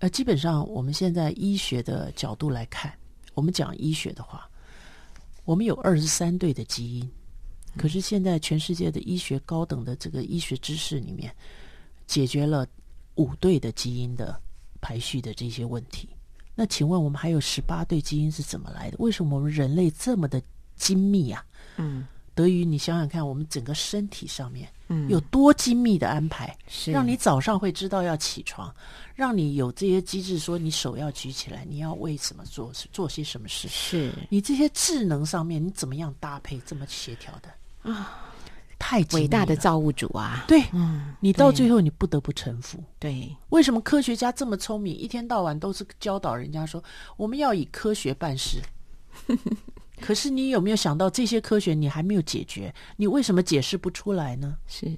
嗯，基本上我們現在醫學的角度來看，我們講醫學的話，我們有二十三對的基因，可是現在全世界的醫學高等的這個醫學知識裡面，解決了五對的基因的排序的這些問題。那請問我們還有十八對基因是怎麼來的？為什麼我們人類這麼的精密啊？嗯。德瑜你想想看，我們整個身體上面有多精密的安排、嗯是，讓你早上會知道要起床，讓你有這些機制，說你手要舉起來，你要為什麼做做些什麼事？是你這些智能上面，你怎麼樣搭配這麼協調的啊？太偉大的造物主啊！對，嗯，你到最後你不得不臣服對。對，為什麼科學家這麼聰明，一天到晚都是教導人家說，我們要以科學辦事。 可是你有沒有想到，這些科學你還沒有解決，你為什麼解釋不出來呢？是，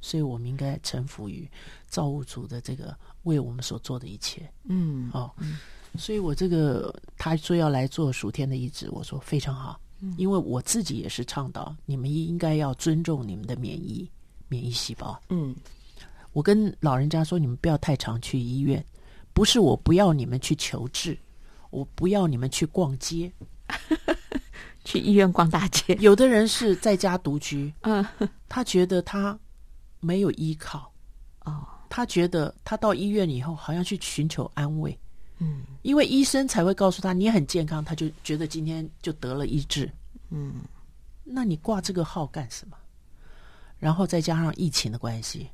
所以我們應該臣服於造物主的這個為我們所做的一切。嗯，哦、oh, 嗯，所以我這個他說要來做屬天的醫治，我說非常好、嗯，因為我自己也是倡導，你們應該要尊重你們的免疫免疫細胞。嗯，我跟老人家說，你們不要太常去醫院，不是我不要你們去求治，我不要你們去逛街。 去醫院逛大街， 有的人是在家獨居，嗯，他覺得他沒有依靠，哦，他覺得他到醫院以後，好像去尋求安慰，嗯，因為醫生才會告訴他你很健康，他就覺得今天就得了醫治，嗯，那你掛這個號幹什麼？然後再加上疫情的關係，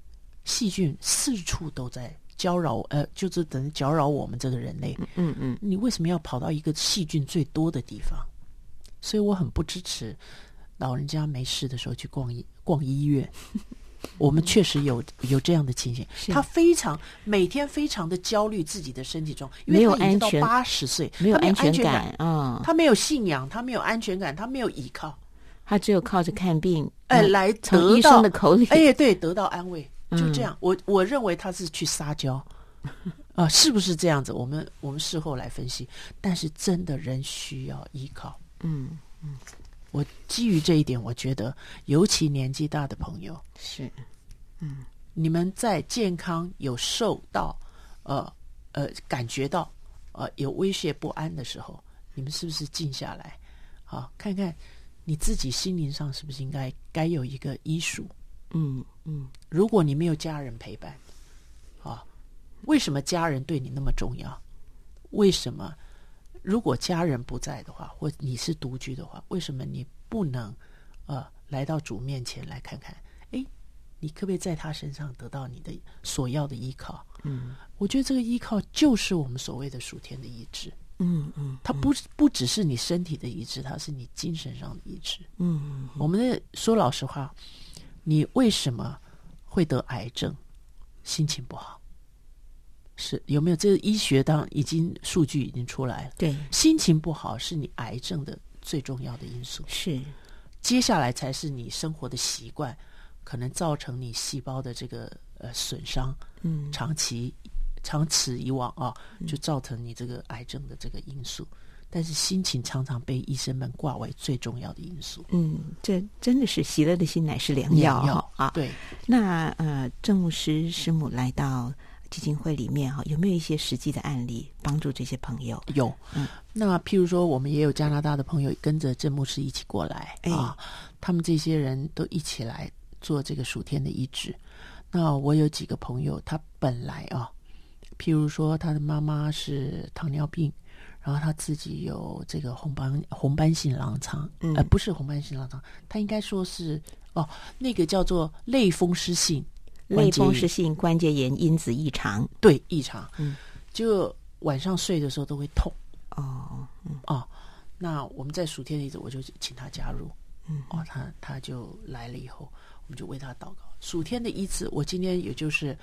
細菌四處都在攪擾，呃，就是等於攪擾我們這個人類，嗯嗯，嗯，你為什麼要跑到一個細菌最多的地方？所以我很不支持老人家沒事的時候去逛醫逛醫院。 我們確實有有這樣的情形。他非常每天非常的焦慮自己的身體狀況，沒有，因為他已經到八十歲，沒有安全，沒有安全感啊、嗯，他沒有信仰，他沒有安全感，他沒有依靠，他只有靠着看病、嗯嗯、哎來得到醫生的口裡哎對得到安慰，就這樣。嗯、我我認為他是去撒嬌，啊、 哦，是不是這樣子？我們我們事後來分析，但是真的人需要依靠。嗯嗯，我基於這一點，我覺得尤其年紀大的朋友是，嗯，你們在健康有受到呃呃感覺到呃有威脅不安的時候，你們是不是靜下來？好、啊，看看你自己心靈上是不是應該該有一個醫術？嗯嗯，如果你沒有家人陪伴，啊，為什麼家人對你那麼重要？為什麼？如果家人不在的話，或你是獨居的話，為什麼你不能呃來到主面前來看看？哎，你可不可以在他身上得到你的所要的依靠？嗯，我覺得這個依靠就是我們所謂的屬天的醫治。嗯嗯，嗯，它不不只是你身體的醫治，它是你精神上的醫治。嗯嗯，嗯，我們的說老實話，你為什麼會得癌症？心情不好。是有沒有？這個醫學當已經數據已經出來了。對，心情不好是你癌症的最重要的因素。是，接下來才是你生活的習慣，可能造成你細胞的這個呃損傷。嗯，長期長此以往啊、哦，就造成你這個癌症的這個因素、嗯。但是心情常常被醫生們掛為最重要的因素。嗯，這真的是喜樂的心乃是良藥啊、哦。對，那呃，鄭牧師師母來到。基金會裡面哈，有沒有一些實際的案例，幫助這些朋友？有，嗯、那譬如說，我們也有加拿大的朋友跟着鄭牧師一起過來、欸、啊，他們這些人都一起來做這個屬天的醫治。那我有幾個朋友，他本來啊，譬如說他的媽媽是糖尿病，然後他自己有這個紅斑紅斑性狼瘡、嗯，呃，不是紅斑性狼瘡，他應該說是哦，那個叫做類風濕性。類風濕性關節炎因子異常，對異常，嗯，就晚上睡的時候都會痛，哦，嗯、哦，那我們在暑天的意思，我就請他加入，嗯，哦，他他就來了以後，我們就為他禱告。暑天的意思，我今天也就是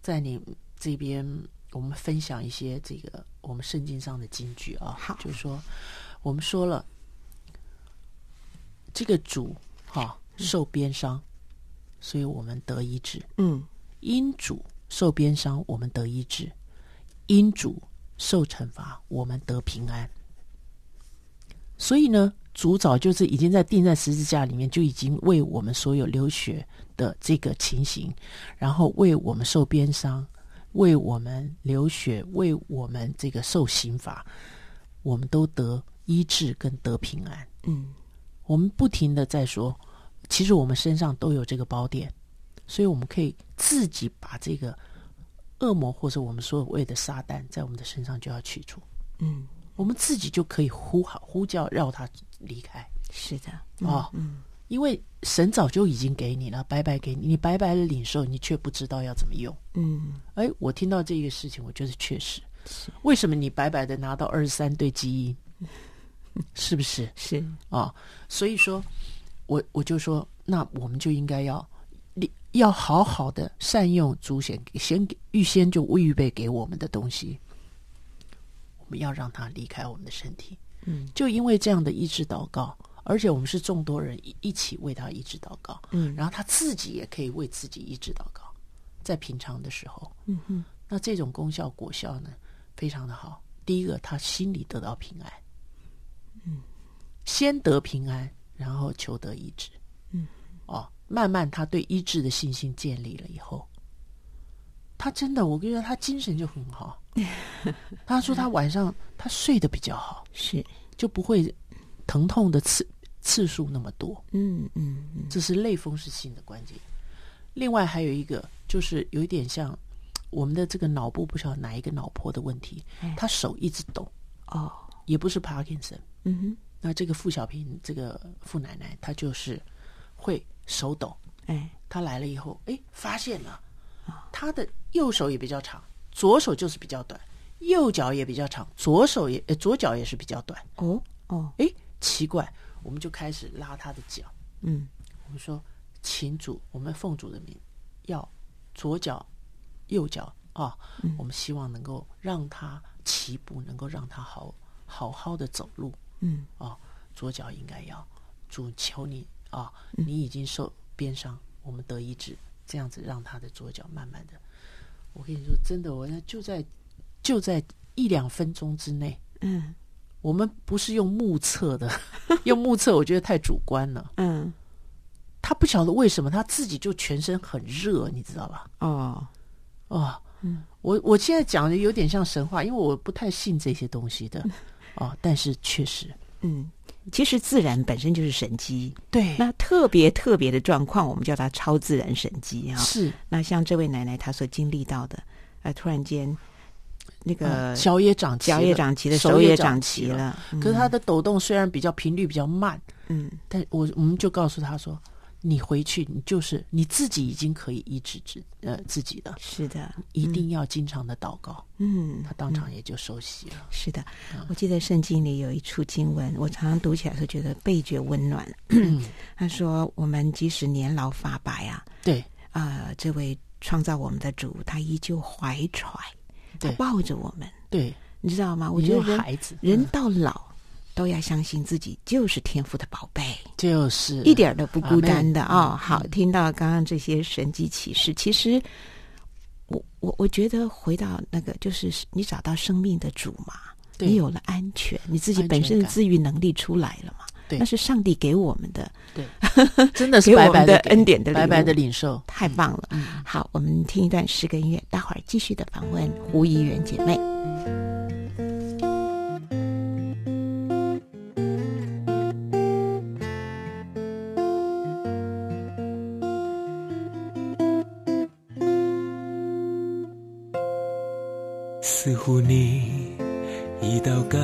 在你這邊，我們分享一些這個我們聖經上的金句啊，好就是說我們說了，這個主哈、哦、受鞭傷。嗯所以我們得醫治。嗯，因主受鞭傷，我們得醫治；因主受懲罰，我們得平安。所以呢，主早就是已經在釘在十字架裡面，就已經為我們所有流血的這個情形，然後為我們受鞭傷、為我們流血、為我們這個受刑罰，我們都得醫治跟得平安。嗯，我們不停地在說。其實我們身上都有這個寶典，所以我們可以自己把這個惡魔或者我們所謂的撒旦在我們的身上就要去除。嗯，我們自己就可以呼好呼叫，讓他離開。是的，哦、嗯嗯，因為神早就已經給你了，白白給你，你白白的領受，你卻不知道要怎麼用。嗯，哎，我聽到這個事情，我覺得確實。是為什麼你白白的拿到二十三對基因，是不是？是啊、哦，所以說。我我就說，那我們就應該要要好好的善用祖先先給預先就預備給我們的東西，我們要讓他離開我們的身體。嗯，就因為這樣的醫治禱告，而且我們是眾多人一一起為他醫治禱告。嗯，然後他自己也可以為自己醫治禱告，在平常的時候。嗯哼，那這種功效果效呢，非常的好。第一個，他心裡得到平安。嗯，先得平安。然後求得醫治，嗯，哦，慢慢他對醫治的信心建立了以後，他真的，我跟你說，他精神就很好。 他說他晚上他睡得比較好，是就不會疼痛的次次數那麼多。嗯嗯，嗯，這是類風濕性的關節。另外還有一個就是有一點像我們的這個腦部，不曉得哪一個腦波的問題，嗯，他手一直抖，嗯，哦，也不是帕金森，嗯那這個傅小平，這個傅奶奶，她就是會手抖。哎，她來了以後，哎，發現了，她的右手也比較長，左手就是比較短，右腳也比較長，左手也左腳也是比較短。哦哦，哎，奇怪，我們就開始拉她的腳。嗯，我們說，請主，我們奉主的名，要左腳、右腳啊，我們希望能夠讓她起步，能夠讓她好好好的走路。嗯，哦，左腳應該要，主求你啊、哦嗯，你已經受鞭傷，我們得醫治，這樣子讓他的左腳慢慢的。我跟你說，真的，我那就在就在一兩分鐘之內，嗯，我們不是用目測的， 用目測我覺得太主觀了，嗯，他不曉得為什麼他自己就全身很熱，你知道吧？哦，哦，嗯、我我現在講的有點像神話，因為我不太信這些東西的。嗯哦，但是確實，嗯，其實自然本身就是神蹟，對。那特別特別的狀況，我們叫它超自然神蹟啊、哦。是。那像這位奶奶，她所經歷到的，啊，突然間，那個腳、嗯、也長齊了，腳也長齊了，手也長齊了、了。可是她的抖動雖然比較頻率比較慢，嗯，但我我們就告訴她說。你回去，你就是你自己，已經可以醫治自呃自己的。是的，嗯、一定要經常的禱告。嗯，他當場也就受洗了。是的、嗯，我記得聖經裡有一處經文，我常常讀起來是覺得倍覺溫暖。嗯、 他說：“我們即使年老髮白啊，對，啊、呃，這位創造我們的主，他依舊懷揣，他抱着我們。對，你知道嗎？我覺得孩子，人到老。嗯”都要相信自己就是天父的寶貝，就是一點都不孤單的、啊、哦、嗯。好，聽到剛剛這些神蹟奇事，其實我我我覺得回到那個就是你找到生命的主嘛，你有了安全、嗯，你自己本身的自愈能力出來了嘛，對，那是上帝給我們的，對，真的是給我們的恩典的，禮物的，白，白，的白白的領受，太棒了。嗯嗯、好，我們聽一段詩歌音樂，待會兒繼續的訪問胡貽圓姐妹。似乎你已禱告，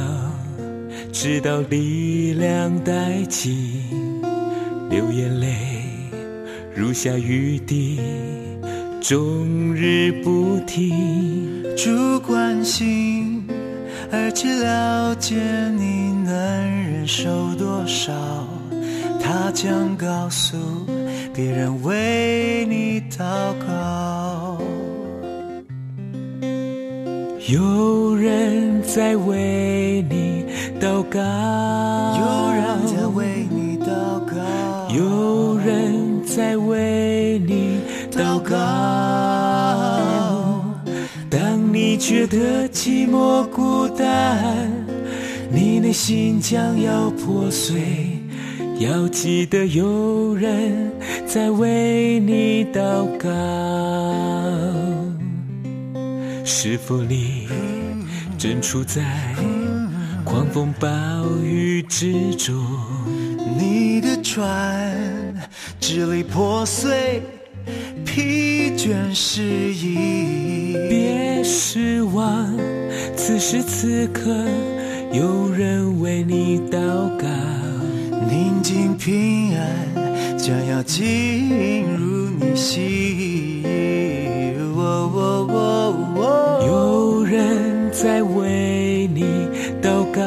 直到力量殆盡，流眼淚，如下雨滴，終日不停。主關心而且了解你能忍受多少，他將告訴別人為你禱告。有人在為你禱告，有人在為你禱告，有人在為你禱告。當你覺得寂寞孤單，你的心將要破碎，要記得有人在為你禱告。是否你正處在狂風暴雨之中？你的船支離破碎，疲倦失意。別失望，此時此刻有人為你禱告，寧靜平安將要進入你心。有人在為你禱告，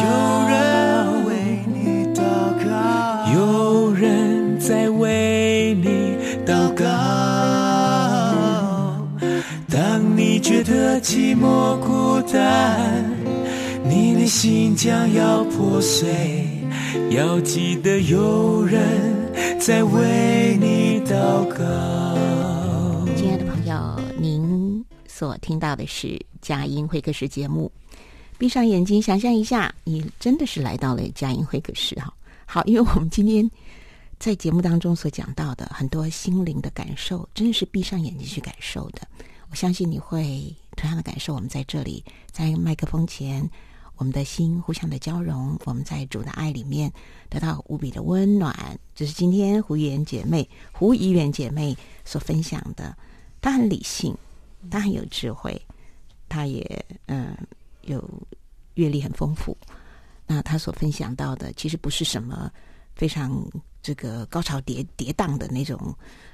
有人為你禱告，有人在為你禱告。當你覺得寂寞孤單，你的心將要破碎，要記得有人在為你禱告。所聽到的是佳音會客室節目。閉上眼睛，想象一下，你真的是來到了佳音會客室，啊。哈，好，因為我們今天在節目當中所講到的很多心靈的感受，真的是閉上眼睛去感受的。我相信你會同樣的感受。我們在這裡，在麥克風前，我們的心互相的交融，我們在主的愛裡面得到無比的溫暖。這是今天胡貽圓姐妹，胡貽圓姐妹所分享的。她很理性。他很有智慧，他也嗯有閱歷很豐富。那他所分享到的其實不是什麼非常這個高潮迭迭宕的那種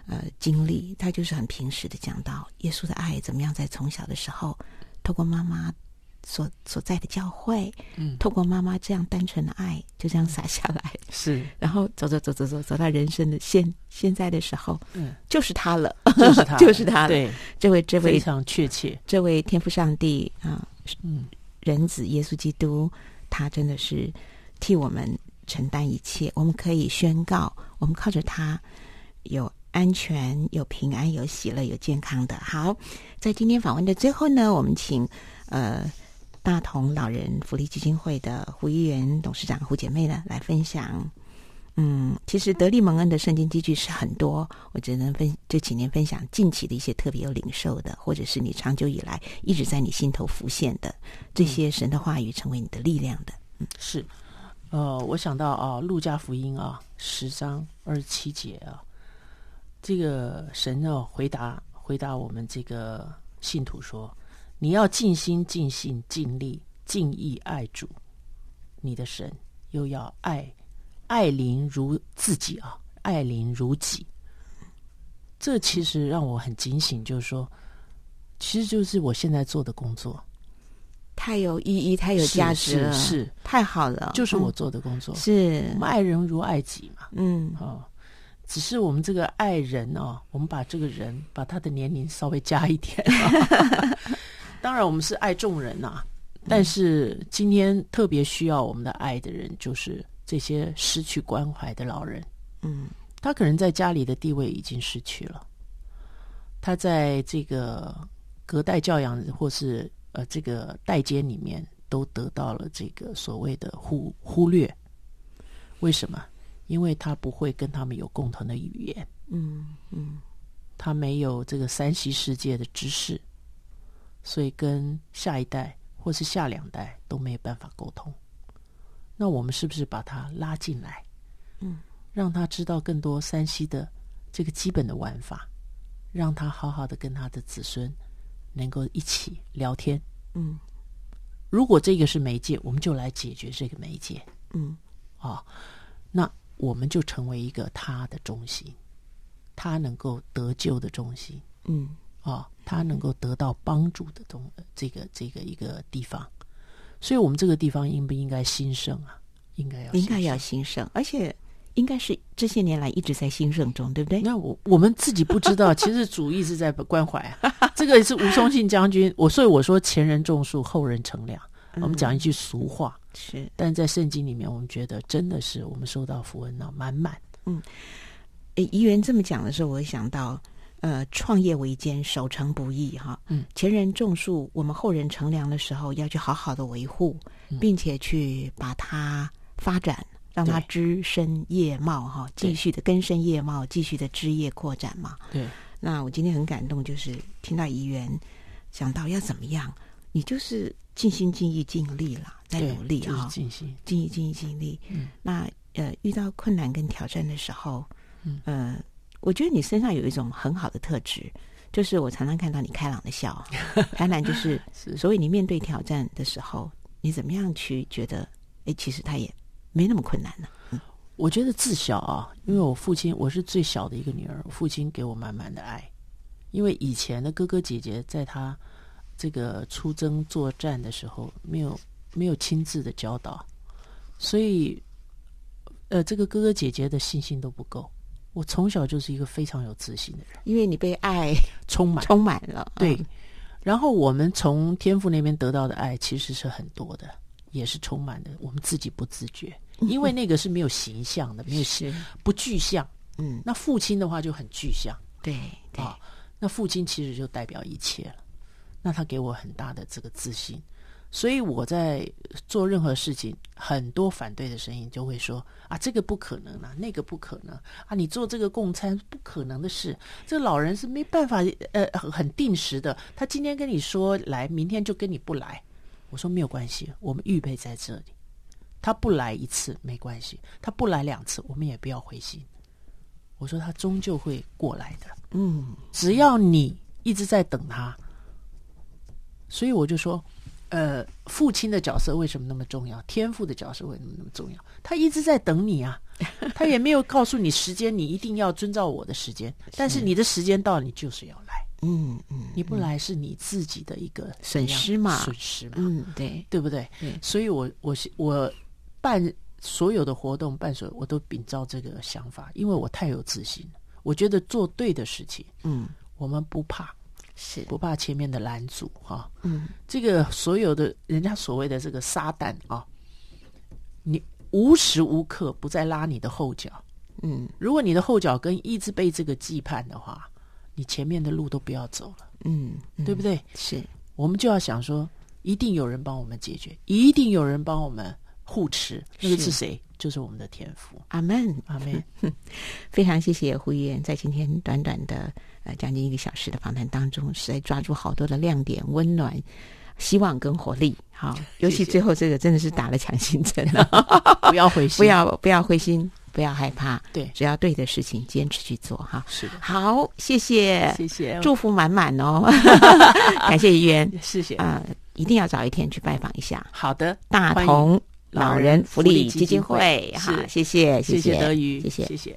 呃經歷，他就是很平實的講到耶穌的愛怎麼樣，在從小的時候透過媽媽。所所在的教會，嗯，透過媽媽這樣單純的愛、嗯，就這樣灑下來，是，然後走走走走走走到人生的現在現在的時候，嗯，就是他了，就是他， 就是他了。對，這位這位非常確切，這位，這位天父上帝啊、嗯，嗯，人子耶穌基督，他真的是替我們承擔一切，我們可以宣告，我們靠着他有安全、有平安、有喜樂、有健康的。的好，在今天訪問的最後呢，我們請呃。大同老人福利基金會的胡貽圓董事長胡姐妹呢，來分享。嗯，其實得力蒙恩的聖經金句是很多，我只能分這幾年分享近期的一些特別有領受的，或者是你長久以來一直在你心頭浮現的這些神的話語，成為你的力量的、嗯。是，呃，我想到啊，路加福音啊，十章二十七節啊，這個神呢、啊、回答回答我們這個信徒說。你要盡心、盡性盡力、盡意愛主，你的神又要愛愛鄰如自己啊，愛鄰如己。這其實讓我很警醒，就是說，其實就是我現在做的工作，太有意義、太有價值了，是，是，是太好了，就是我做的工作。嗯、是我們愛人如愛己嘛？嗯，哦，只是我們這個愛人啊、哦，我們把這個人把他的年齡稍微加一點、哦。 當然，我們是愛眾人吶、啊嗯，但是今天特別需要我們的愛的人，就是這些失去關懷的老人。嗯，他可能在家裡的地位已經失去了，他在這個隔代教養或是呃這個代間裡面，都得到了這個所謂的忽忽略。為什麼？因為他不會跟他們有共同的語言。嗯嗯，他沒有這個 3C 世界的知識。所以，跟下一代或是下兩代都沒有辦法溝通。那我們是不是把他拉進來？嗯，讓他知道更多 3C 的這個基本的玩法，讓他好好的跟他的子孫能夠一起聊天。嗯，如果這個是媒介，我們就來解決這個媒介。嗯，啊、哦，那我們就成為一個他的中心，他能夠得救的中心。嗯，啊、哦。他能夠得到幫助的種、這個嗯，這個這個一個地方，所以我們這個地方應不應該興盛啊？應該要應該要興盛，而且應該是這些年來一直在興盛中，對不對？那我我們自己不知道， 其實主一直在關懷、啊。 這個是吳嵩慶將軍，我所以我說前人種樹，後人乘涼、嗯。我們講一句俗話是，但在聖經裡面，我們覺得真的是我們受到福恩啊，滿滿，滿。嗯，哎，貽圓這麼講的時候，我會想到。呃，創業維艱，守成不易，哈。嗯，前人種樹，我們後人乘涼的時候，要去好好的維護，嗯、並且去把它發展，讓它枝生葉茂，哈，繼續的根深葉茂，繼續的枝葉擴展嘛。對。那我今天很感動，就是聽到貽圓想到要怎麼樣，你就是盡心盡意盡力了，在努力啊、哦，盡心盡心盡意盡力。嗯。那呃，遇到困難跟挑戰的時候，嗯，呃。我覺得你身上有一種很好的特質，就是我常常看到你開朗的笑，開朗就是、 是，所以你面對挑戰的時候，你怎麼樣去覺得，哎、欸，其實他也沒那麼困難呢？我覺得自小啊，因為我父親我是最小的一個女兒，父親給我滿滿的愛，因為以前的哥哥姐姐在他這個出征作戰的時候，沒有沒有親自的教導，所以，呃，這個哥哥姐姐的信心都不夠。我從小就是一個非常有自信的人，因為你被愛充滿，充滿了對、嗯。然後我們從天父那邊得到的愛其實是很多的，嗯、也是充滿的。我們自己不自覺，因為那個是沒有形象的， 沒有形是不具象。嗯，那父親的話就很具象，對對、哦。那父親其實就代表一切了，那他給我很大的這個自信。所以我在做任何事情，很多反對的聲音就會說：“啊，這個不可能啊，那個不可能啊！啊你做這個供餐不可能的事，這個老人是沒辦法呃，很定時的。他今天跟你說來，明天就跟你不來。”我說：“沒有關係，我們預備在這裡。他不來一次沒關係，他不來兩次，我們也不要灰心。我說他終究會過來的。嗯，只要你一直在等他，所以我就說。”呃，父親的角色為什麼那麼重要？天父的角色為什麼那麼重要？他一直在等你啊，他也沒有告訴你時間， 你一定要遵照我的時間。 但是你的時間到了，你就是要來。嗯嗯，你不來是你自己的一個的損失嘛？損失嘛？嗯，對，對不對？嗯。所以我我我辦所有的活動，辦所有，我都秉照這個想法，因為我太有自信了。我覺得做對的事情，嗯，我們不怕。是不怕前面的攔阻哈、啊，嗯，這個所有的人家所謂的這個撒旦啊，你無時無刻不在拉你的後腳，嗯，如果你的後腳跟一直被這個羈絆的話，你前面的路都不要走了，嗯，對不對？嗯、是我們就要想說，一定有人幫我們解決，一定有人幫我們護持，那個是誰？就是我們的天父。阿門，阿門。 非常謝謝胡貽圓在今天短短的。呃，將近一個小時的訪談當中，實在抓住好多的亮點、溫暖、希望跟活力。好，謝謝，尤其最後這個真的是打了強心針了。 不要灰回心， 不要不要灰心，不要害怕。對，只要對的事情堅持去做，哈。是的。好，謝謝，謝謝，祝福滿滿哦。 感謝貽圓，謝謝啊，一定要早一天去拜訪一下。好的，大同老人福利基金會，哈，謝謝，謝謝德瑜，謝謝謝謝。謝謝